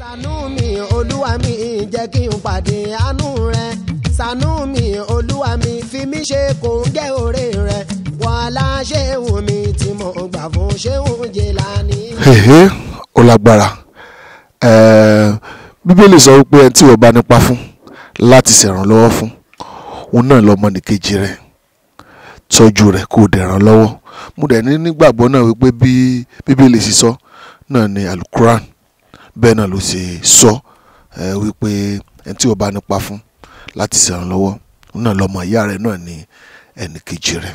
ṣàánú mi olúwa mi jẹ́ kí n pàdé àánú rẹ ṣàánú mi olúwa mi fi mí ṣe kòńgẹ́ òré rẹ wàhálà ṣéwù mi tí mo gbà fún ṣéwù Jélánì. ó lágbára bíbélì sọ wípé ẹni tí wọ́n bá nípa fún láti ṣèrànlọ́wọ́ fún òun náà lọ́mọnìkejì rẹ̀ tọ́jú rẹ̀ kó o dẹ̀ ràn lọ́wọ́ mo dẹ̀ ní nígbàgbọ́ náà wípé bí bíbélì sì sọ náà ni alukuran bẹ́ẹ̀ náà ló ṣe sọ wípé ẹni tí ó bá nípa fún láti ṣèrànlọ́wọ́ náà lọ́mọ ìyá rẹ̀ náà ni ẹnì kejì rẹ̀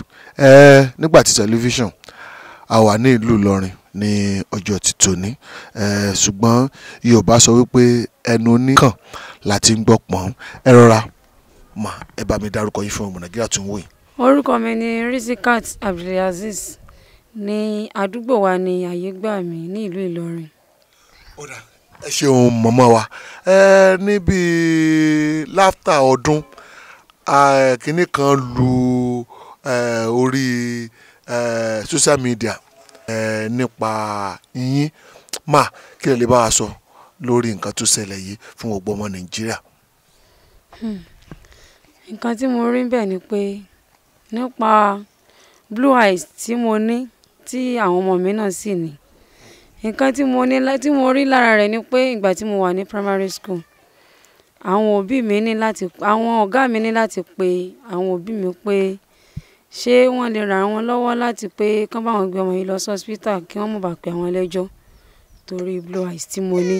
nígbà tí tẹlifíṣàn a wà ní ìlú Ìlọrin ní ọjọ́ ti tòní ṣùgbọ́n Yorùbá sọ wípé ẹnu oníkàn láti ń gbọ́ pọ́n ẹ rọra mà ẹ bá mi dárúkọ yín fún ọmọ Nàìjíríà tó ń wò yìí. orúkọ mi ni Rizikat Abdulaziz ní àdúgbò wa ní àyégbà mi ní ìlú Ìlọrin. ó dáa ẹ ṣeun mọ̀mọ́ wa ẹ níbi láftà ọdún kínní kan lu orí social media nípa yín mà kí lè lè bá wa sọ lórí nǹkan tó ṣẹlẹ̀ yìí fún gbogbo ọmọ nàìjíríà. Hmm. nǹkan tí mo rí bẹ́ẹ̀ ni pé nípa blue eyes tí mo ní tí àwọn ọmọ mi náà sì ní nǹkan tí mo ní tí mo rí lára rẹ̀ ni pé ìgbà tí mo wà ní primary school àwọn òbí mi ní láti àwọn ọ̀gá mi ní láti pe àwọn òbí mi pé ṣé wọ́n lè ràn wọ́n lọ́wọ́ láti pé kán bá wọn gbé ọmọ yìí lọ sí hospital kí wọ́n mọ̀ bá pe àwọn ẹlẹ́jọ́ torí blue eyes tí mo ní.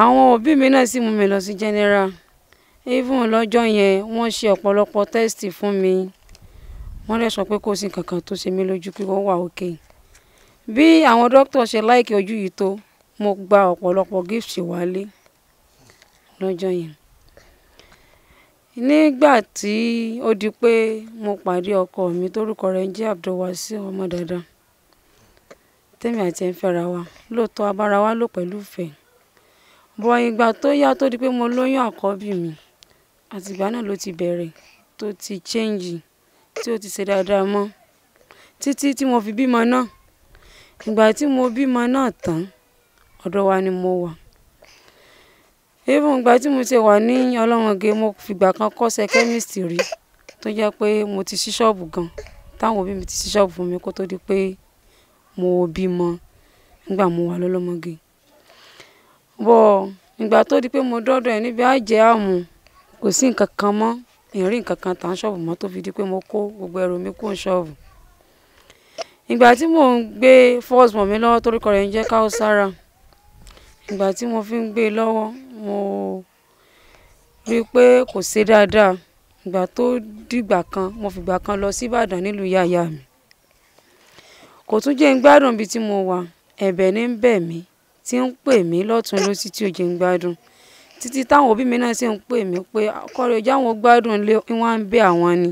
àwọn òbí mi náà sì mú mi lọ sí general even lọ́jọ́ yẹn wọ́n ṣe ọ̀pọ̀lọpọ̀ test fún mi wọ́n lè sọ pé kò sí kankan tó ṣe mí lójú pé wọ́n wà okay bí àwọn dókítà ṣe láìkí ojú yìí tó mo gba ọ̀pọ̀lọpọ̀ gift wálé lọ́jọ́ yẹn nígbà tí ó di pé mo pàdé ọkọ mi tórúkọ rẹ̀ ń jẹ́ Abdulwasi ọmọ dada tèmi àti ẹ̀ ń fẹ́ra wa lóòótọ́ abára wa lò pẹ̀lú ìfẹ́ bọ̀ ìgbà tó yá tó di pé mo lóyún àkọ́bí mi àtìgbà náà ló ti bẹ̀rẹ̀ tó ti change tí ó ti ṣe dáadáa mọ́ títí tí mo fi bímọ náà ìgbà tí mo bímọ náà tán ọ̀dọ̀ wa ni mo wà even ìgbà tí mo ti wà ní ọlọ́mọge mo fìgbà kan kọ́ṣẹ́ chemist rí tó jẹ́ pé mo ti ṣí ṣọ́ọ̀bù gan táwọn òbí mi ti ṣí ṣọ́ọ̀bù fún mi kó tó di pé mo bímọ nígbà mo wà lọ́lọ́mọge bọ́ ìgbà tó di pé mo dọ́dọ̀ ẹ̀ níbi àjẹ́ àmù kò sí nǹkan kan mọ́ ìrìn nǹkan kan tà ń ṣọ́ọ̀bù mọ́ tó fi di pé mo ìgbà tí mò ń gbé first mọ̀ mi lọ́wọ́ torúkọ rẹ̀ ń jẹ́ Kaosara ìgbà tí mo fi ń gbé e lọ́wọ́ mo rí i pé kò ṣe dáadáa ìgbà tó dìgbà kan mo fìgbà kan lọ sí Ìbàdàn nílùú yàyà mi kò tún jẹ́ ń gbádùn ibi tí mo wà ẹ̀bẹ̀ ní ń bẹ̀ mí tí ń pè mí lọ́tún lọ́sí tí ò jẹ́ ń gbádùn títí táwọn òbí mi náà sì ń pè mí pé kọ́rọ̀ ìjà àwọn gbádùn lé wọ́n ń bẹ àwọn ni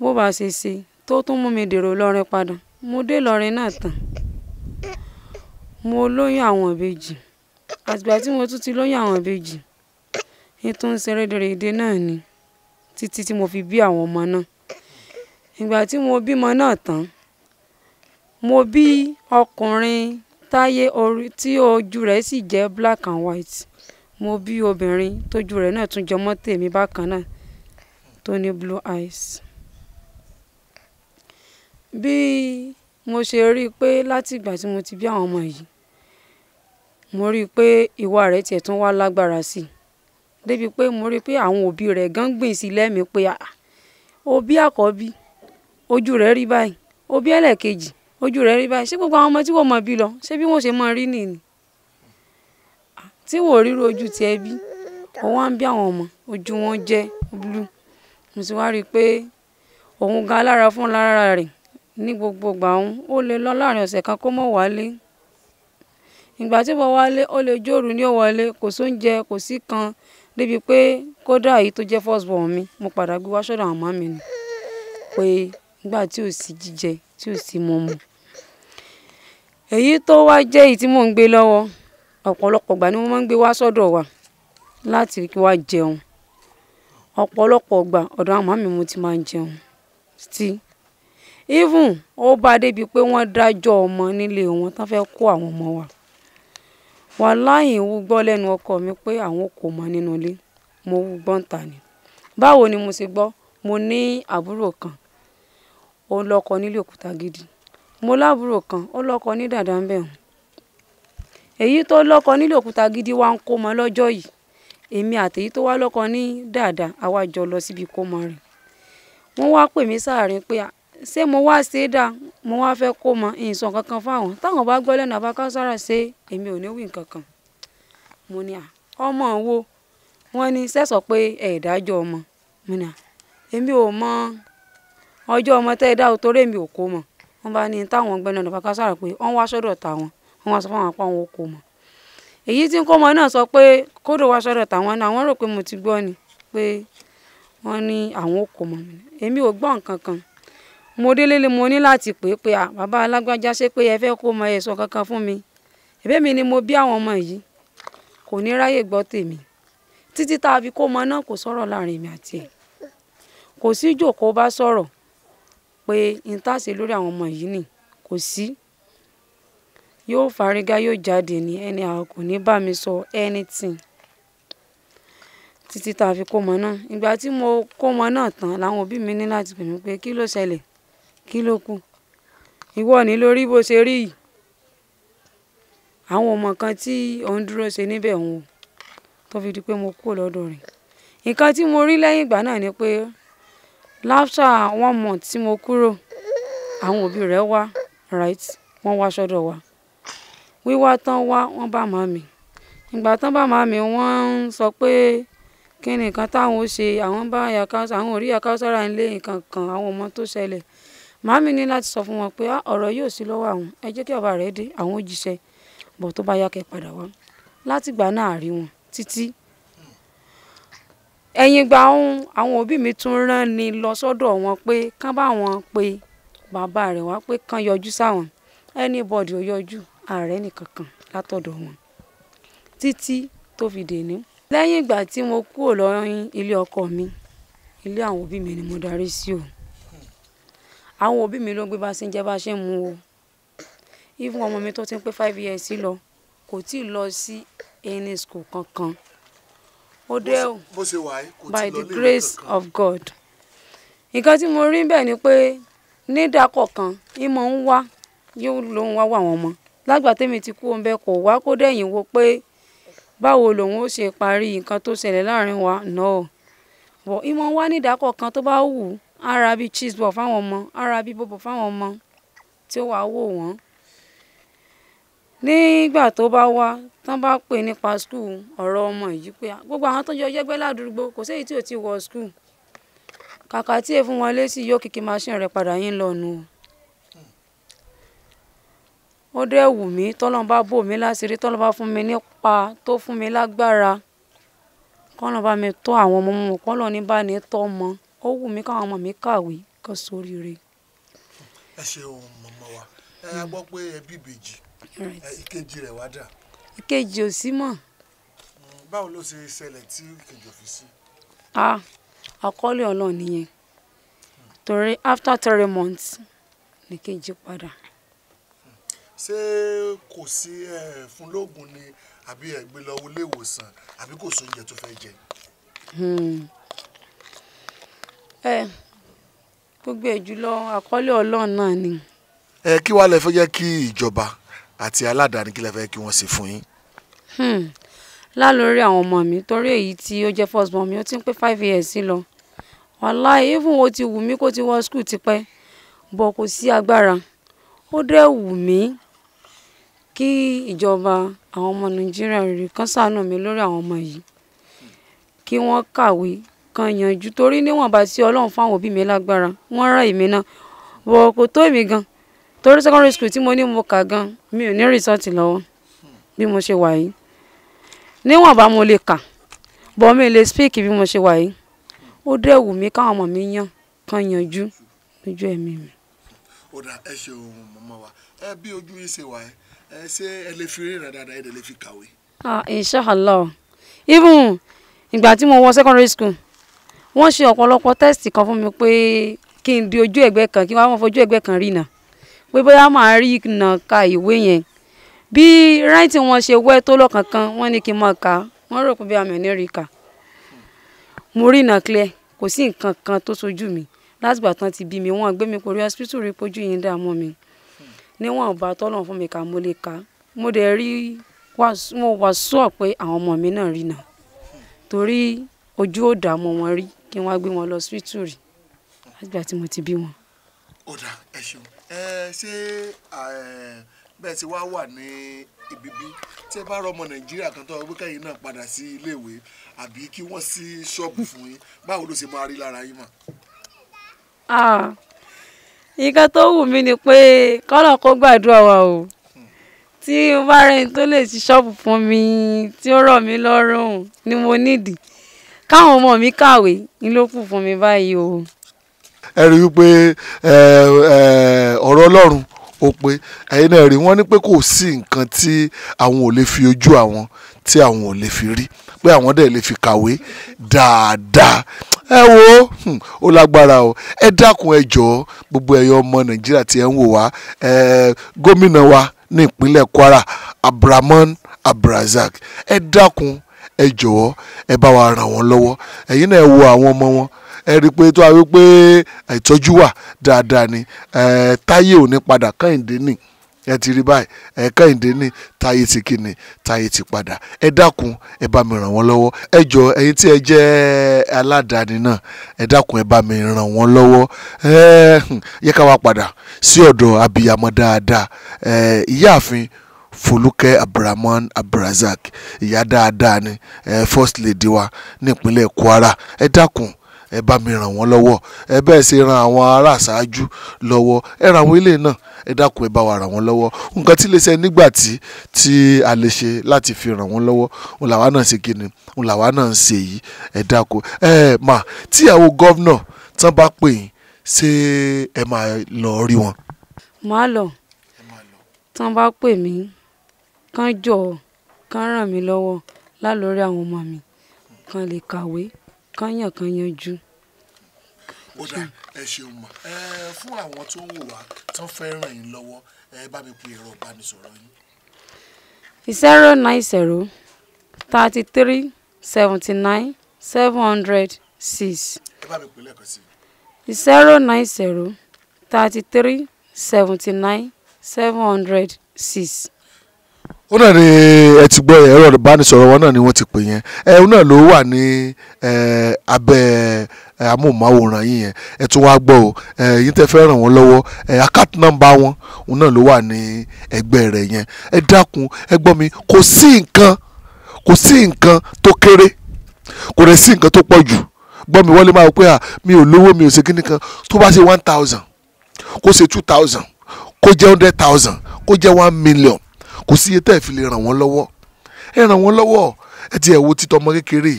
bó bá ṣe ṣe tó tún mú mi dèrò ìlọrin padà mo dé ìlọrin náà tán mo lóyún àwọn ìbejì àtìgbà tí mo tún ti lóyún àwọn ìbejì ètò ń ṣeré dèrèdè náà ni títí tí mo fi bí àwọn ọmọ náà ìgbà tí mo bímọ náà tán mo bí ọkùnrin táyé orí tí ojú rẹ̀ sì jẹ́ black and white mo bí obìnrin tójú rẹ̀ náà tún jọmọ́ tèmi bákan náà tó ní blue eyes bí mo ṣe rí i pé látìgbà tí mo ti bí àwọn ọmọ yìí mo rí i pé ìwà rẹ̀ tiẹ̀ tún wá lágbára sí i débi pé mo rí i pé àwọn òbí rẹ̀ gan gbìn sí lẹ́mìí pé òbí àkọ́bí ojú rẹ̀ rí báyìí òbí ẹlẹ́ẹ̀kejì ojú rẹ̀ rí báyìí ṣé gbogbo àwọn ọmọ tí wọ́n mọ̀ bí lọ ṣé bí wọ́n ṣe mọ̀ rí nìyí tí wò ríro ojú tiẹ̀ bí òun wá ń bí àwọn ọmọ ojú wọn jẹ́ blue mo sì wá rí i pé òun gan alára fún lára rẹ̀ ní gbogbo ìgbà ọ̀hún ó lè lọ láàrin ọ̀sẹ̀ kan kó mọ̀ wálé ìgbà tí ó wálé ó lè jóòrù ni ó wọlé kò sóúnjẹ kò sí kan débi pé kódà èyí tó jẹ́ first born mi mo padà gbé wá sọ́dọ̀ àwọn màmá mi nù pé nígbà tí ò sí jíjẹ tí ò sí mọ̀mù èyí tó wá jẹ́ èyí tí mò ń gbé lọ́wọ́ ọ̀pọ̀lọpọ̀ ìgbà ni wọ́n máa ń gbé wá sọ́dọ̀ wa láti kí wá jẹun ọ̀pọ̀lọpọ̀ ìgbà ọ̀dọ̀ àwọn màmá mi mo ti máa ń jẹun still even ó bá débi pé wọ́n dájọ́ ọmọ nílé wọn tán fẹ́ kó àwọn ọmọ wa wàláhì wú gbọ́ lẹ́nu ọkọ mi pé àwọn kò mọ nínú ilé mo wú gbọ́n ta ni báwo ni mo ṣe gbọ́ mo ní àbúrò kan ó lọ́kọ nílé òkúta gidi mo lábúrò kan ó lọ́kọ ní dàdá ń bẹ̀rùn èyí tó lọ́kọ nílé òkúta gidi wá ń kó mọ lọ́jọ́ yìí èmi àtèyí tó wá lọ́kọ ní dàdá àwa jọ lọ síbi kó mọ rẹ̀ wọ́n wá pè mí sáàrin pé ṣé mo wá ṣe dà mo wá fẹ́ kó mọ ìsàn kankan fáwọn táwọn bá gbọ́ lẹ́nu abákására ṣe èmi ò ní wí nǹkan mo ní à ọmọ wo wọn ní sẹ́sọ̀ pé ẹ̀ẹ́dájọ́ ọmọ èmi ò mọ ọjọ́ ọmọ tẹ́ ẹ dá o ò kó mọ wọn bá ní táwọn pé wọ́n wá sọ́dọ̀ táwọn wọ́n wá sọ apá wọn kó mọ èyí tí ń kó ọmọ náà sọ pé kódò wá sọ́dọ̀ mo délé ni mo ní láti pè é pé à bàbá alágbájá ṣé pé ẹ fẹ́ kó mọ ẹ sọ kankan fún mi ẹ̀bẹ̀ mi ni mo bí àwọn ọmọ yìí kò ní ráyè gbọ́ tèmi títí tá a fi kó ọmọ náà kò sọ̀rọ̀ láàrin mi àti ẹ̀ kò sí ìjòkó bá sọ̀rọ̀ pé n tá a ṣe lórí àwọn ọmọ yìí ni kò sí yóò fárígá yóò jáde ní ẹni àwọn kò ní bá mi sọ anything títí tá a fi kó ọmọ náà ìgbà tí mo kó ọmọ náà tán làwọn òbí mi ní láti pè mí pé kí ló ṣẹlẹ̀ kí ló kù ìwọ ni lórí bó ṣe rí yìí àwọn ọmọ kan tí òun dúró ṣe níbẹ̀ òun o tó fi di pé mo kúrò lọ́dọ̀ rẹ̀ nǹkan tí mo rí lẹ́yìn ìgbà náà ni pé láfṣà one month tí mo kúrò àwọn òbí rẹ̀ wá right wọ́n wá sọ́dọ̀ wa wíwá tán wá wọ́n bá màmí ìgbà tán bá màmí wọ́n ń sọ pé kí ni nǹkan táwọn ó ṣe àwọn bá àwọn ò rí ń lé nǹkan kan àwọn ọmọ tó ṣẹlẹ̀ màámi ní láti sọ fún wọn pé ah, ọ̀rọ̀ yóò sí lọ́wọ́ àwọn ẹ jẹ́ kí ọba rẹ̀ dé àwọn ó jíṣẹ́ bọ̀ tó bá yá kẹ́ padà wá látìgbà náà rí wọn títí ẹ̀yìn ìgbà ọ̀hún àwọn òbí mi tún rán ni lọ sọ́dọ̀ wọn pé kán bá wọn pe bàbá rẹ̀ wá pé kán yọjú sáwọn anybody ò yọjú ààrẹ nìkankan látọ̀dọ̀ wọn títí tó fi dèní. lẹ́yìn ìgbà tí mo kúrò lọ́yìn ilé ọkọ mi ilé àwọn òbí mi ni mo darí sí o àwọn òbí mi ló gbé bá ṣe ń jẹ bá ṣe ń mu o even ọmọ mi tó ti ń pé five years lọ kò tí ì lọ sí any school kankan ó dé o by the grace of God nǹkan tí mo rí bẹ́ẹ̀ ni pé nídàkọ̀kan ìmọ̀ ń wá yóò lóun wá wà wọ́n mọ́ lágbà tèmi ti kú ọ̀nbẹ kò wá kó dẹ̀yìn wo pé báwo lòun ó ṣe parí nǹkan tó ṣẹlẹ̀ láàrin wa náà bọ̀ ìmọ̀ wá nídàkọ̀kan tó bá wù ú á bíi cheese ball fáwọn ọmọ á bíi bọ̀bọ̀ fáwọn ọmọ tí ó wàá wò wọ́n nígbà tó bá wá tán bá pè nípa skul ọ̀rọ̀ ọmọ yìí pé gbogbo àwọn tó jọ jẹ́gbẹ́ ládùúgbò kò séyìí tí ò ti wọ skul kàkà tí èèfún wọn lé sí yóò kìkì machine rẹ̀ padà yín lọ́nu ó dẹ́ wù mí tọ́lọ́n bá bò mí láṣìírí tọ́lọ́n bá fún mi nípa tó fún mi lágbára kọ́lọ́n bá mi tọ́ àwọn ọmọ mọ́ kọ́lọ́n ní bá ní tọ́ mọ́ ó wù mí káwọn ọmọ mi kàwé kan sóríire. ẹ ṣeun mọ̀mọ́ wa ẹ a gbọ́ pé ẹ bí ìbejì ìkejì rẹ̀ wá dà. ìkejì ò sí mọ́. Hmm, báwo ló ṣe ṣẹlẹ̀ tí ìkejì ò fi sí. a àkọlé ọlọ́run nìyẹn torí after three months ní kejì padà. ṣé kò sí fún lóògùn ni àbí ẹ gbé lọ ilé ìwòsàn àbí kò sóúnjẹ tó fẹ́ jẹ. Hmm ẹ gbogbo ẹ jùlọ àkọlé Ọlọ́run náà ni. ẹ kí wàá lè fẹ́ jẹ́ kí ìjọba àti aládàáni kí lè fẹ́ kí wọ́n ṣe fún yín. Hmm, lálórí àwọn ọmọ mi torí èyí tí ó jẹ́ first born mi ó ti ń pé five years sí lọ wàláì even wo ti wù mí kó ti wọ school tipẹ́ bọ̀ kò sí agbára ó dẹ̀ wù mí kí ìjọba àwọn ọmọ Nàìjíríà rere kan ṣàánú mi lórí àwọn ọmọ yìí kí wọ́n kàwé kan yanjú torí níwọ̀nba tí ọlọ́run fáwọn òbí mi lágbára wọ́n rán èmi náà wọ kò tó èmi gan torí secondary school tí mo ní mo kà gan mi ò ní rìsọ́ọ̀tì lọ́wọ́ bí mo ṣe wà yìí níwọ̀nba mo lè kà bọ́ mi lè speak bí mo ṣe wà yìí ó dẹ̀ wù mí káwọn ọmọ mi yàn kan yanjú lójú ẹ̀mí mi. ó dà ẹ ṣe ohun mọ́mọ́ wa ẹ bí ojú yìí ṣe wà ẹ ṣé ẹ lè fi ríran dáadáa ẹ lè fi kàwé. ah inshallah even ìgbà tí mo wọ secondary school wọ́n ṣe ọ̀pọ̀lọpọ̀ tẹ́sì kan fún mi pé kí n di ojú ẹ̀gbẹ́ kan kí wọ́n máa fojú ẹ̀gbẹ́ kan rí nà pé bóyá màá rí nà ka ìwé yẹn bí ráìtì wọn ṣe wẹ́ tó lọ́kànkan wọ́n ní kí n máa kà á wọ́n rò pé bí àmì ní rí kà mo rí nà clear kò sí nǹkan kan tó sojú mi látìgbà tán ti bí mi wọ́n gbé mi kórè hospital rí pójú yín dààmú mi níwọ̀n ọba tọ́lọ̀ fún mi kà mo lè kà mo dẹ̀ rí mo wà sọ pé àwọn ọmọ mi náà rí nà torí ojú ò dààmú wọn rí kí wọ́n gbé wọn lọ síwítù rí lágbà tí mo ti bí wọn. ó dà ẹ ṣeun ẹ ṣé bẹ́ẹ̀ ti wá wà ní ìbíbí tí ẹ bá rọ ọmọ nàìjíríà kan tó wípé kẹ́yìn náà padà sí iléèwé àbí kí wọ́n sí ṣọ́ọ̀bù fún yín báwo ló ṣe máa rí lára yín mà. nǹkan tó wù mí ni pé kọ́nà kó gbàdúrà wa o tí mo bá rẹ́ni tó lè ṣí ṣọ́ọ̀bù fún mi tí ó rọ̀ mí lọ́rùn ni mo nídìí káwọn ọmọ mi kàwé ni ló kù fún mi báyìí o. ẹ rí i pé ọ̀rọ̀ ọlọ́run ó pé ẹ̀yin náà rí wọ́n ní pé kò sí nǹkan tí àwọn ò lè fi ojú àwọn tí àwọn ò lè fi rí pé àwọn dẹ̀ lè fi kàwé dáadáa ẹ wo hmm, ó lágbára o ẹ dákun ẹ jọ̀ọ́ gbogbo ẹ̀yọ́ ọmọ nàìjíríà tí ẹ ń wò wá gómìnà wa ní ìpínlẹ̀ kwara abdulrahman abrazak ẹ dákun ẹ jọ̀wọ́ ẹ bá wa ràn wọ́n lọ́wọ́ ẹ̀yin náà ẹ wo àwọn ọmọ wọn ẹ rí i pé tó a rí i pé ìtọ́jú wà dáadáa ni táyé ò ní padà kẹ́hìndé nì ẹ ti rí báyìí ẹ kẹ́hìndé nì táyé ti kí ni táyé ti padà ẹ dákun ẹ bá mi ràn wọ́n lọ́wọ́ ẹ jọ ẹ̀yin tí ẹ jẹ́ aládàáni náà ẹ dákun ẹ bá mi ràn wọ́n lọ́wọ́ ẹ yẹ ká wa padà sí ọ̀dọ̀ abiyamọ dáadáa ìyáàfin. E, folúkẹ́ abdulrahman abrazak ìyá dáadáa ni eh, first lady wa nípínlẹ̀ kwara ẹ dákun ẹ bá mi ràn wọ́n lọ́wọ́ ẹ bẹ́ẹ̀ ṣe ran àwọn ará àṣáájú lọ́wọ́ ẹ ran àwọn ilé náà ẹ dákun ẹ bá wa ràn wọ́n lọ́wọ́ nǹkan tí lè ṣe nígbà tí tí a lè ṣe láti fi ràn wọ́n lọ́wọ́ òun làwa náà ṣe kíni òun làwa náà ń ṣe yìí ẹ dákun ẹ mà tíyàwó gọ́vnà tán bá pè yín ṣé ẹ máa lọ rí wọn. màá lọ tán bá pè mí kán jọ̀ọ́ kán ràn mí lọ́wọ́ lálórí àwọn ọmọ mi kán lè kàwé kán yàn kán yanjú. ó dà ẹ ṣeun mọ fún àwọn tó ń wò wá tán fẹ́ ràn yín lọ́wọ́ ẹ bá mi pe ẹ̀rọ ìbánisọ̀rọ̀ yín. zero nine zero thirty three seventy nine seven hundred six. ẹ bá mi pè lẹ́ẹ̀kan sí i. zero nine zero thirty three seventy nine seven hundred six ó náà ni ẹ ti gbọ́ ẹ̀rọ ìbánisọ̀rọ̀ wọn náà ni wọ́n ti pè yẹn ẹ náà ló wà ní abẹ́ amóhùnmáwòrán yìí yẹn ẹ tún wá gbọ́ o yìí tẹ́ fẹ́ ràn wọ́n lọ́wọ́ account number wọn òun náà ló wà ní ẹgbẹ́ rẹ̀ yẹn ẹ dákun ẹ gbọ́ mi kò sí nǹkan kò sí nǹkan tó kéré kò rẹ̀ sí nǹkan tó pọ̀ jù gbọ́ mi wọ́n lè máa wọ pé mi ò lówó mi ò ṣe kíní kan tó bá ṣe one thousand kó ṣe two thousand kó jẹ́ hundred thousand kó jẹ́ one million kò sí iye tẹ́ ẹ̀ fi lè ràn wọ́n lọ́wọ́ ẹ ràn wọ́n lọ́wọ́ ẹ ti ẹ̀ wo títọ́ ọmọ kékeré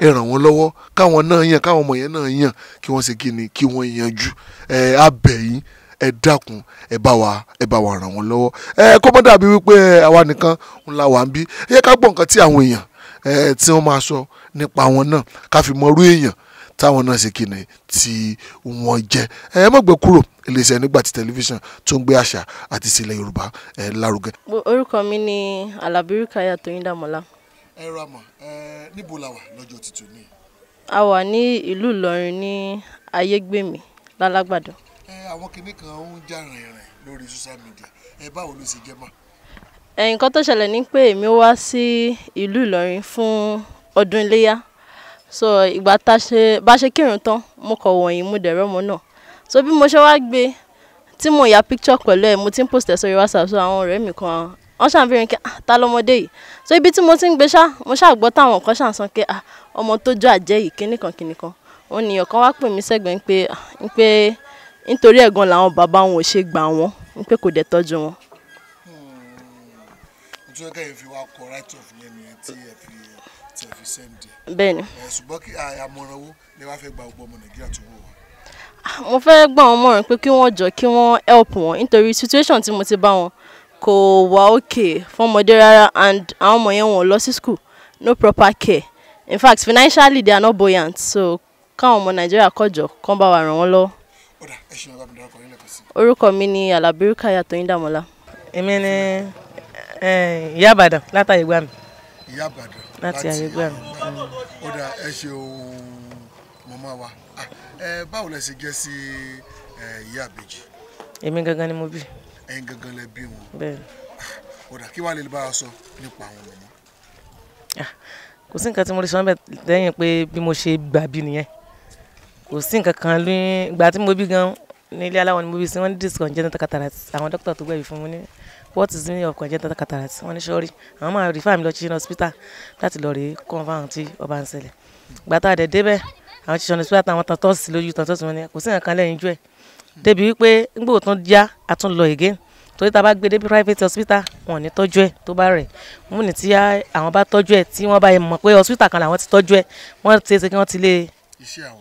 ẹ ràn wọ́n lọ́wọ́ káwọn náà yàn káwọn ọmọ yẹn náà yàn kí wọ́n ṣe kí ni kí wọ́n yanjú ẹ abẹ̀ yín ẹ dákun ẹ bá wa ẹ bá wa ràn wọ́n lọ́wọ́ ẹ kó mọ́ dàbí wípé àwa nìkan ńlá wa ń bí ẹ yẹ ká gbọ́ nǹkan tí àwọn èèyàn tí wọ́n máa sọ nípa wọn náà ká fi mọ irú èèyàn táwọn náà ṣe kíni tí wọ́n jẹ́ ẹ má gbé kúrò iléeṣẹ́ nígbà tí tẹlifíṣàn tó ń gbé àṣà àti ìṣẹ̀lẹ̀ yorùbá ẹ lárugẹ. orúkọ mi ni Àlàbí Rukaya Tóyìndàmọ́lá. ẹ ra mọ ẹ níbo la wà lọ́jọ́ títù ní. a wà ní ìlú Ìlọrin ní ayégbèmí lálágbàdo. ẹ àwọn kinní kan ń jà rìnrìn lórí social media ẹ báwo ló ṣe jẹ mọ́. nǹkan tó ṣẹlẹ̀ ni pé èmi wá sí ìlú Ìlọrin fún ọdún iléyà so ìgbà tá a ṣe bá a ṣe kírun tán mo kọ̀ wọ̀nyí mo dẹ̀ rọ́mọ náà so bí mo ṣe wá gbé tí mo ya picture pẹ̀lú ẹ̀ mo ti ń post ẹ̀ sórí whatsapp so àwọn ọ̀rẹ́ mi kan wọ́n ṣàǹfihàn ah, kí ta lọ́mọdé yìí so ibi tí mo ti ń gbé ṣá mo ṣàgbọ́ táwọn kan ṣàǹsán pé ah, ọmọ tó jọ àjẹ́ yìí kíníkan kíníkan òun nìyàn kan wá pè mí sẹ́gbẹ̀ẹ́ pé ah, pé nítorí ẹ̀gan làwọn bàbá wọn ò ṣe gbà wọ́n pé kò dẹ̀ tọ́jú wọn. Hmm. ojú ẹgbẹ́ yìí fi wá kọ right of yẹn nìyẹn tí ẹ bẹ́ẹ̀ni. ṣùgbọ́n kí àmọ̀ràn wo lè wá fẹ́ gba ọgbọ́ ọmọ nàìjíríà tó wọ̀ wá. Ah, mo fẹ́ gbà wọ́n mọ̀ràn pé kí wọ́n jọ kí wọ́n help wọn nítorí situation tí mo ti bá wọn kò wá òkè fọmọdé rárá and àwọn ọmọ yẹn wọn lọ sí school no proper care in fact financially they are not buoyant so káwọn ọmọ nàìjíríà kọjọ kán bá wa ràn wọ́n lọ́wọ́. orúkọ mi ni alábírúkà yàtọ̀ yín èmi ni yábàdàn látàyè gbà mí ìyá àbàdàn láti ayégbàmù ọ̀dà mm. ẹ ṣeun mọ̀mọ́ wa báwo lẹ ṣe jẹ́ sí ìyá àbèjì. èmi gangan ni mo bí. ẹ̀yin gangan lẹ bí wọn. bẹ́ẹ̀. ọ̀dà kí wàá lè bá a sọ nípa àwọn mọ̀mọ́. kò sí nǹkan tí mo lè sọ ọ́n bẹ̀ lẹ́yìn pé bí mo ṣe gbà bí nìyẹn kò sí nǹkan kan lóyún ìgbà tí mo bí gan ní aláwọ̀ ni mo bí sí wọ́n ní discount jẹ́ ní takatara àwọn dókítà tó gbẹ̀bí fún mi ní what is the meaning of congenital cataract wọ́n ní sọ́ọ́rí àwọn máa rí fáàmì lọ chichen hospital láti lọ rèé confam tí ó bá ń ṣẹlẹ̀ gbàtà àdẹ̀ débẹ̀ àwọn chichen hospital táwọn tán tọ́sí lójú tán tọ́sí wọn ni kò sí nǹkan lẹ́yìn jù ẹ̀ débi wípé ngbò tún já a tún lọ again torí tá a bá gbé dé private hospital wọn ò ní tọ́jú ẹ̀ tó bá rẹ̀ mú ní tí àwọn bá tọ́jú ẹ̀ tí wọ́n bá yẹ mọ̀ pé hospital kan làwọn ti tọ́jú ẹ̀ wọ́n ti ṣe kí wọ́n ti lé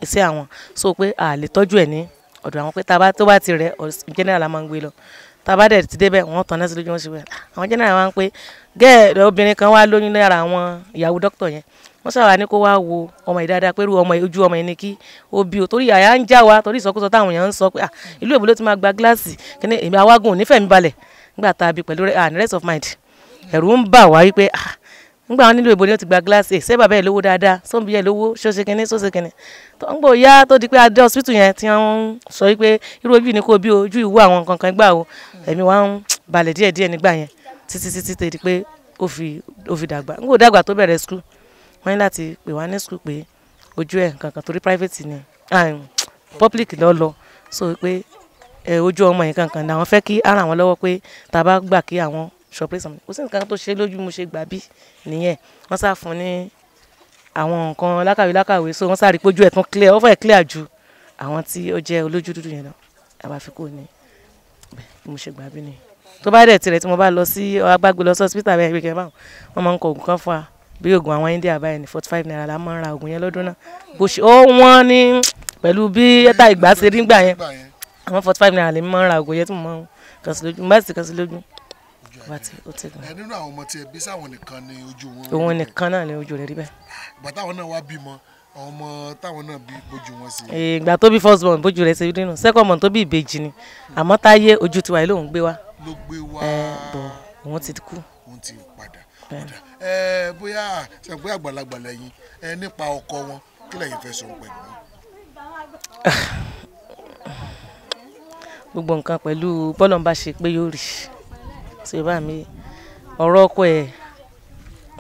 iṣẹ́ àwọn so pé a lè tọ́jú ẹ̀ ní ọ̀dọ̀ àwọn pé tó bá ti rẹ̀ general la máa ń gbé lọ tàbá dẹ̀ ti débẹ̀ wọ́n tàn náà sí lójú wọn sí wẹ̀ ah, àwọn jẹ́nẹ́rà wa ń pé gẹ́ẹ̀ obìnrin kan wá lóyún lára àwọn ìyàwó dókítà yẹn wọ́n sábà ní kó wá wo ọmọ yìí dáadáa pẹ̀lú ọmọ ojú ọmọ yìí ni kí ó bí o torí àyà ń já wa torí ìsọkúsọ táwọn èèyàn ń sọ pé ah, ìlú èbúlé ti máa gba gíláàsì kíní èmi awágùn onífẹ̀ẹ́ mi balẹ̀ nígbà tá a bí pẹ̀lú ah, rest of mind ẹ̀rù ń bà wá wípé nígbà wọn nílò ìbò ni ó ti gba gíláàsì ẹ̀ sẹ́bà bẹ́ẹ̀ lówó dáadáa sọ́nbí yẹn lówó ṣóṣe kínní ṣóṣe kínní tó ń gbò yá tó di pé adé hospital yẹn ti ń sọ wípé irú ojú ni kò bí ojú ìwú àwọn kankan gbà o ẹ̀mí wa ń balẹ̀ díẹ̀díẹ̀ nígbà yẹn títí títí tẹ̀lé pé ó fi ó fi dàgbà n kò dàgbà tó bẹ̀rẹ̀ skul wọ́n ní láti pè wá ní skul pé ojú ẹ̀ kankan torí private ni public lọ lọ so pé ojú ọmọ yẹn kankan làwọn fẹ́ kí ara wọn lọ́wọ́ pé tá a bá gbà kí àwọn ṣọpẹ́ sàmì kò sí nǹkan tó ṣe lójú mo ṣe gbà bí nìyẹn wọ́n sá fún ní àwọn nǹkan lákàwé lákàwé so wọ́n sá rí i pé ojú ẹ̀ tún clear ó fẹ́ clear ju àwọn tí ó jẹ́ olójú dúdú yẹn lọ àbáfikún ni mo ṣe gbà bí ni tó bá dẹ̀ tirẹ̀ tí mo bá lọ sí agbágbé lọ sí bẹ́ẹ̀ gbẹ̀gẹ̀ báwọn wọ́n máa ń kọ oògùn kan fún wa bí oògùn àwọn India báyìí ní forty five naira la máa ń ra oògùn yẹn lọ́dún náà bó ṣe ó wọ́n ní pẹ̀lú bí ẹ̀ta ìgbà ṣe rí gbà yẹn àwọn forty five naira lè máa ń ra oògùn yẹn tí mo máa ń kàn sí lójú mo bá sì kàn sí lójú bàtí nínú àwọn ọmọ ọmọ táwọn náà bí bójú wọn sí. ìgbà tó bí first born bójú rẹ̀ ṣe dínú second born tó bí ìbejì ni àmọ́ táyé ojú tiwa yìí lòún gbé wá. ló gbé wá ẹ òun ti kú. òun ti padà padà ẹ bóyá ṣàgbé àgbàlagbà lẹ́yìn ẹ nípa ọkọ wọn kí lẹ́yìn fẹ́ sọ pẹ̀lú. gbogbo nǹkan pẹ̀lú bọ́lọ̀ ń bá ṣe pé yóò rí ṣe bá mi ọ̀rọ̀ ọkọ ẹ̀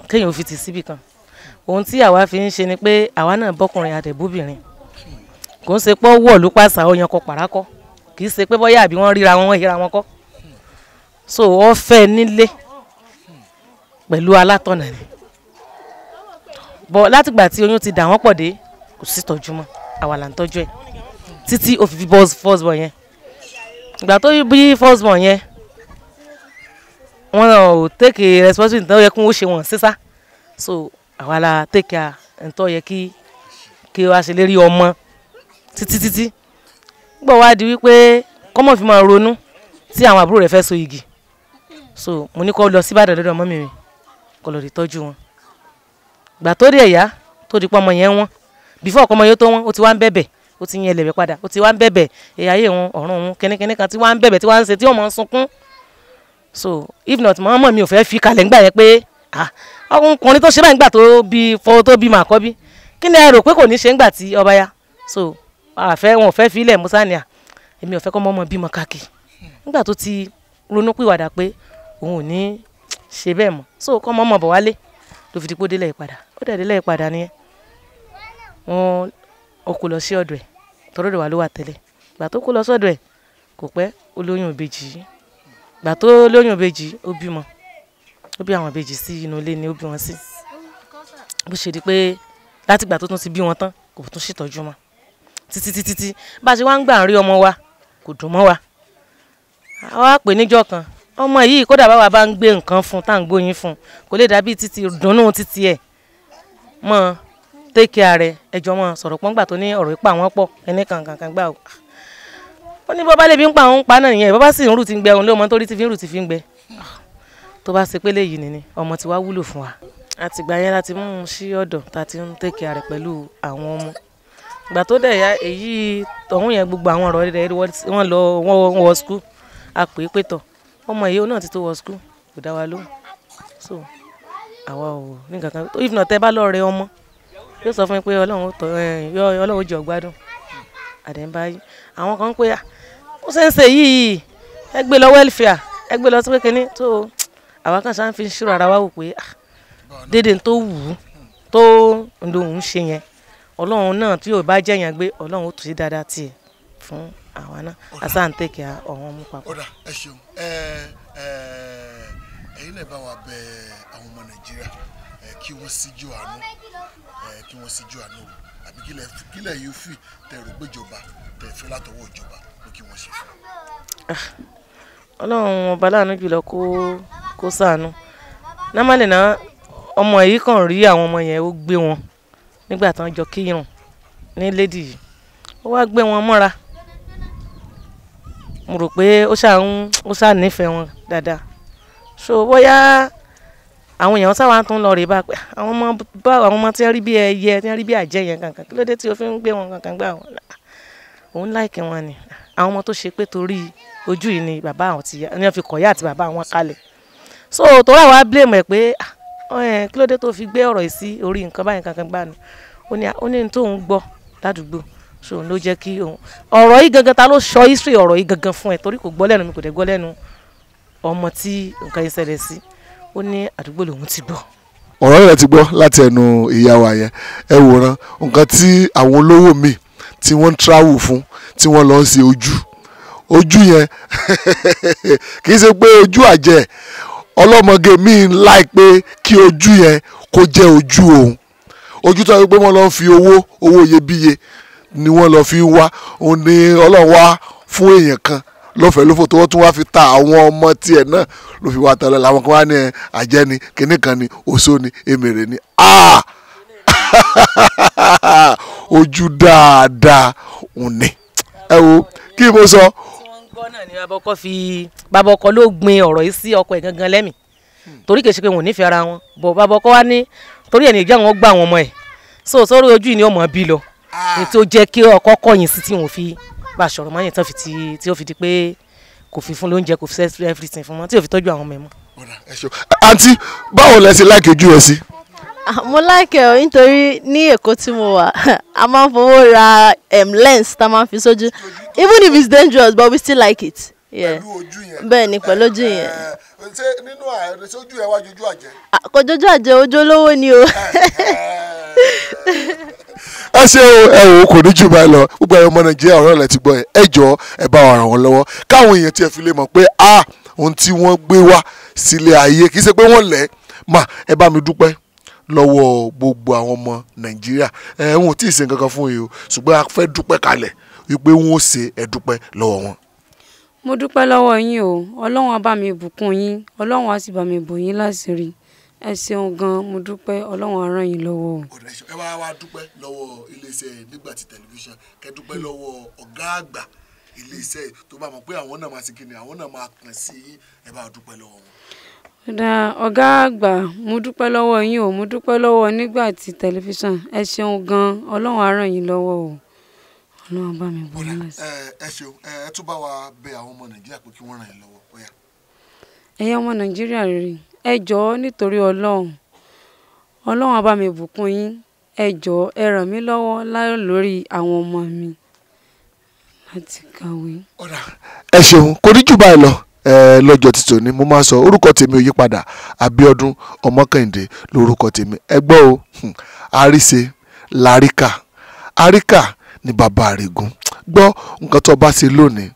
kéèyàn ò fi tì síbì kan ohun tí àwa fi ń ṣe ni pé àwa náà bọ́kùnrin àtẹ̀bóbìnrin kò ń ṣe pé ó wọ̀ ló pàṣà ó yan kì í ṣe pé bọ́yá àbí wọ́n ríra wọn ìra wọn kọ́ so ó fẹ́ nílé pẹ̀lú alátọ̀nà ni bọ̀ látìgbà tí oyún ti dà wọ́n pọ̀ dé kò sí tọ́jú mọ́ àwa là ń tọ́jú ẹ̀ títí ó fi fi first born yẹn ìgbà tó bí first born yẹn wọn ò take responsibility tó yẹ kí wọ́n ṣe wọ́n sísá so àwa la tẹ̀ka ntọ́ yẹ kí kí wa ṣe lérí ọmọ títí títí gbọ́ wá di wípé kọ́mọ̀ fi máa ronú tí àwọn àbúrò rẹ̀ fẹ́ so igi so mo ní kó lọ sí Ìbàdàn lọ́dọ̀ ọmọ mi rìn kó lọ rí tọ́jú wọn gbà tó dé ẹ̀yá tó di pọ́ ọmọ yẹn wọ́n bífọ́ ọkọ ọmọ yẹn tó wọ́n ó ti wá ń bẹ̀bẹ̀ ó ti yẹn ẹlẹ́bẹ̀ padà ó ti wá ń bẹ̀bẹ̀ ẹ̀yà ayé wọn ọ̀run wọn kẹ́nìkẹ́nì kan ti wá ń bẹ̀bẹ̀ tí wọ́n ń ṣe tí wọ́n mọ̀ ń sunkún so if not mọ́ ọmọ mi ò fẹ́ fi kalẹ̀ ńgbà yẹn pé ah ọkùnrin tó ṣe báyìí nígbà tó bí fọwọ́ tó bí màkọ́ bí kí ni ẹ rò pé kò ní ṣe nígbà tí ọba ya so àfẹ́ wọn ò fẹ́ fi ilẹ̀ musa ni à èmi ò fẹ́ kọ́ mọ́mọ́ bímọ káàkiri nígbà tó ti ronú pìwàdà pé òun ò ní ṣe bẹ́ẹ̀ mọ́ so kọ́ mọ́mọ́ bọ̀ wálé ló fi di pé ó délẹ̀ ìpadà ó dẹ̀ délẹ̀ ìpadà nìyẹn wọn ó kó lọ sí ọ̀dọ̀ ẹ̀ tọ́rọ̀ rẹ̀ wá ló wà tẹ́lẹ̀ gbà tó kó lọ sọ́dọ̀ ẹ̀ kò pẹ́ ó lóyún gbà tó lóyún ìbejì ó bímọ ó bí àwọn ìbejì sí inú ilé ni ó bí wọn sí bó ṣe di pé látìgbà tó tún ti bí wọn tán kò tún ṣètọ́jú mọ́ títí títí tí bá a ṣe wá ń gbà ń rí ọmọ wa kò dùn mọ́ wa àwa pè níjọ́ kan ọmọ yìí kódà báwa bá ń gbé nǹkan fún tá à ń gbóyin fún kò lè dàbí títí dùnnú títí ẹ̀ mọ́ tẹ́kì ààrẹ ẹjọ́ mọ́ sọ̀rọ̀ pọ́ngbà tó ní ọ̀rọ̀ ìpa àwọn pọ̀ ẹni kankan gbà ó ó ní bọ́bá lè fi ń pa òun pa náà nìyẹn bọ́bá sì ń rù ti ń gbẹ òun lé ọmọ torí ti fi ń rù ti fi ń gbẹ tó bá ṣe pé léyìí nìní ọmọ ti wá wúlò fún wa àtìgbà yẹn la mú un sí ọ̀dọ̀ tá a ti ń tẹ̀kẹ́ rẹ̀ pẹ̀lú àwọn ọmọ ìgbà tó dẹ̀ ya èyí ọ̀hún yẹn gbogbo àwọn ọ̀rọ̀ rẹ̀ wọ́n lọ wọ́n wọ skul a pè é pé tọ̀ ọmọ yìí náà ti tó wọ skul kò dá wa lóhùn so àwa ò ní kankan if not tẹ bá lọ rẹ ọmọ yóò sọ fún mi pé ọlọ́run tọ ọlọ́run jọ gbádùn àdẹ́nbáyé àwọn ó ṣe ẹ gbé lọ welfare ẹ gbé lọ sí pé kínní tó o àwa kan sáà ń fi ṣírò ara wa wò pé ah, dédé tó wù ú tó lòun ṣe yẹn ọlọ́run náà tí yóò bá jẹ̀yàn gbé ọlọ́run ó tù sí dáadáa tiẹ̀ fún àwa náà àṣà ń tẹ̀kẹ́ ọ̀hún mú papọ̀. ọ̀dà ẹ ṣeun ẹ ẹ ẹ̀yin náà bá wa bẹ àwọn ọmọ nàìjíríà kí wọ́n síjú àánú kí wọ́n síjú àánú àbí kílẹ̀ yìí fì tẹ̀ rò gbéjọba tẹ̀ látọwọ́ ìjọba ló kí wọ́n ṣe ah, ọlọ́run ọba láàánú jùlọ kó kó sànù normally náà ọmọ yìí kàn rí àwọn ọmọ yẹn ó gbé wọn nígbà tán jọ kírun ní lady yìí ó wá gbé wọn mọ́ra mo rò pé ó ṣáà ń ó ṣáà nífẹ̀ẹ́ wọn dáadáa so bóyá àwọn èèyàn sáwà tó ń lọ rè bá pé àwọn ọmọ bá àwọn ọmọ tí wọ́n rí bí ẹyẹ tí wọ́n rí bí àjẹ yẹn kankan kí ló dé tí o fi ń gbé wọn kankan gbà wọn òun láìkí wọn ni àwọn ọmọ tó ṣe pé torí ojú yìí ni bàbá àwọn ti ya ni wọ́n fi kọ̀yà àti bàbá àwọn kalẹ̀ so tòun àwa blame ẹ̀ pé ah, kí ló dé tó fi gbé ọ̀rọ̀ yìí sí orí nǹkan báyìí kankan gbà ni ó ní tóun ah, gbọ́ ládùúgbò so ló jẹ́ kí òun ọ̀rọ̀ yìí gangan ta ló sọ history ọ̀rọ̀ yìí gangan fún ẹ torí kò gbọ́ lẹ́nu mi kò dẹ̀ gbọ́ lẹ́nu ọmọ tí nǹkan yìí ṣẹlẹ̀ sí ó ní àdúgbò lòun ti gbọ́. ọ̀rọ̀ rẹ̀ ti gbọ́ láti ẹnu ìyá wa yẹn ẹ wòran nǹkan tí àwọn olówó mi tí wọ́n ń travel fún tí wọ́n lọ ń ṣe ojú ojú yẹn kì í ṣe pé ojú àjẹ́ ọlọ́mọge míì ń láì pé kí ojú yẹn kó jẹ́ ojú òun ojú tó yẹ pé wọ́n lọ fi owó owó iyebíye ni wọ́n lọ fi wá òun ni ọlọ́run wá fún èèyàn kan lọ́fẹ̀ẹ́ lófò tó wọ́n tún wá fi ta àwọn ọmọ tiẹ̀ náà ló fi wá ta lọ làwọn kan wá ní àjẹni kìnnì kan ni oṣó ni emèrè ni ah! ojú dáadáa òun ni ẹ wo kí mo sọ lọ́wọ́ náà ni babọ́kọ́ fi babọ́kọ́ ló gbin ọ̀rọ̀ yìí sí ọkọ ẹ̀ gangan lẹ́mì hmm. torí kìí ṣe pé wọn ò nífẹ̀ẹ́ ara wọn bọ̀ babọ́kọ́ wá ní torí ẹ̀nì ìjà wọn gbà wọn mọ́ ẹ̀ so sórí ojú ìní ọmọ bí lọ èyí ah. tó kí ọkọ kọ̀yìn sí tí wọn fi bá aṣọ ọ̀rọ̀mọ́yìn tán tí ó fi di pé kò fi fún lóúnjẹ kò fi everything fún wọn tí ò fi tọ́jú àwọn ọmọ ẹ̀ mọ́. àǹtí báwo lẹ ṣe láìkejì ẹ sí. Ah, mo like ẹ nítorí ní èkó tí mo wà a máa ń fowó ra lens tá a máa ń fi sójú even if it's dangerous but we still like it. pẹ̀lú ojú yẹn bẹ́ẹ̀ ni pẹ̀lú ojú yẹn. Eh, ṣé nínú ààrẹ ṣé ojú ẹ wá jojú àjẹ. Ah, kò jojú àjẹ ojú olówó ni o. Eh, eh. ẹ ṣe ẹ wò kò ní jù báyìí lọ gbogbo ẹ̀yọ́ ọmọ nàìjíríà ọ̀rọ̀ ẹ̀ ti gbọ́ ẹ jọ ẹ bá wa ràn wọ́n lọ́wọ́ káwọn èèyàn tiẹ̀ fi lè mọ̀ pé ah ohun tí wọ́n gbé wá sílé ayé kì í ṣe pé wọ́n lẹ̀ ẹ́ mà ẹ bá mi dúpẹ́ lọ́wọ́ gbogbo àwọn ọmọ nàìjíríà ẹ̀ wọn ò tí ì ṣe nǹkan kan fún yìí o ṣùgbọ́n a fẹ́ dúpẹ́ kalẹ̀ wípé wọn ò ṣe ẹ̀dúpẹ́ lọ́wọ́ wọn. mo dúpẹ́ lọ́wọ́ yín o ọlọ́run á bá mi bùkún yín ọlọ́run á sì bá mi bò yín láṣìírí ẹ ṣeun gan mo dúpẹ́ ọlọ́run á ràn yín lọ́wọ́ o. ẹ wá wá dúpẹ́ lọ́wọ́ iléeṣẹ́ Nígbàtí tẹlifíṣàn kẹ́ dúpẹ́ lọ́wọ́ ọ̀gá àgbà iléeṣẹ́ tó bá mọ̀ pé àwọn náà máa ṣe kíni àwọn náà máa kàn sí ẹ bá dúpẹ́ lọ́wọ́ wọn ọ̀gá àgbà mo dúpẹ́ lọ́wọ́ yín o mo dúpẹ́ lọ́wọ́ Nígbàtí tẹlifíṣàn ẹ ṣeun gan-an ọlọ́run á ràn yín lọ́wọ́ o ọlọ́run bá mi bọ́ nílẹ̀ ẹ ṣeun ẹ tún bá wa bẹ àwọn ọmọ Nàìjíríà pé kí wọ́n ràn yín lọ́wọ́ bóyá. ẹyẹ ọmọ Nàìjíríà rere ẹ jọ̀ọ́ nítorí ọlọ́run ọlọ́run á bá mi bùkún yín ẹ jọ̀ọ́ ẹ ràn mí lọ́wọ́ láyọ̀ lórí àwọn ọmọ mi láti kàwé. ọ̀rà ẹ ṣeun kò ní jù báyìí lọ lọ́jọ́ títí ni mo máa sọ orúkọ tèmi ò yí padà Abíọ́dún Ọmọkàndé lórúkọ tèmi ẹgbọ́n o àríṣe hmm, láríkà àríkà ni bàbá àrègùn gbọ́ nǹkan tó bá ṣe lónìí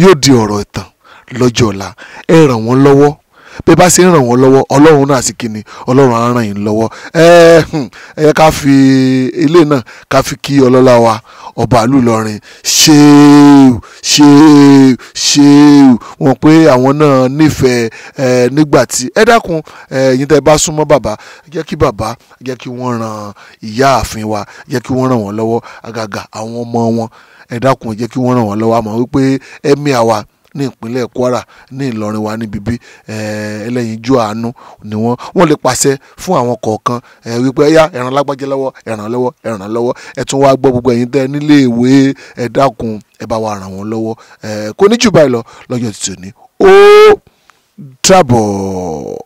yóò di ọ̀rọ̀ ìtàn lọ́jọ́ ọ̀la ẹ ràn wọ́n lọ́wọ́ bí ẹ bá ṣe ń ràn wọ́n lọ́wọ́ ọlọ́run náà sì kíni ọlọ́run á ràn yín lọ́wọ́ ẹ hmm, ẹ ká fi ilé náà ká fi kí ọlọ́lá wa ọba àlù lọrin ṣéèw ṣéèw ṣéèw wọn pé àwọn náà nífẹ̀ẹ́ ẹ nígbà tí ẹ dákun ẹ yín tẹ́ bá súnmọ́ bàbá jẹ́ kí bàbá jẹ́ kí wọ́n ran ìyá ààfin wa jẹ́ kí wọ́n ràn wọ́n lọ́wọ́ àgàgà àwọn ọmọ wọn ẹ dákun jẹ́ kí wọ́n ràn wọ́n lọ́wọ́ àmọ́ wípé ẹ̀mí àwa ní ìpínlẹ̀ Kwara ní Ìlọrin wa níbi bí ẹlẹ́yinjú àánú ni wọ́n wọ́n lè pàṣẹ fún àwọn kọ̀ọ̀kan wípé ẹ̀yà ẹ̀ràn lágbájá lọ́wọ́ ẹ̀ràn lọ́wọ́ ẹ̀ràn lọ́wọ́ ẹ̀ tún wá gbọ́ gbogbo ẹ̀yin tẹ́ nílé ìwé ẹ dákun ẹ bá wa ràn wọ́n lọ́wọ́ kò ní jù báyìí lọ lọ́jọ́ tuntun ni ó dàbọ̀.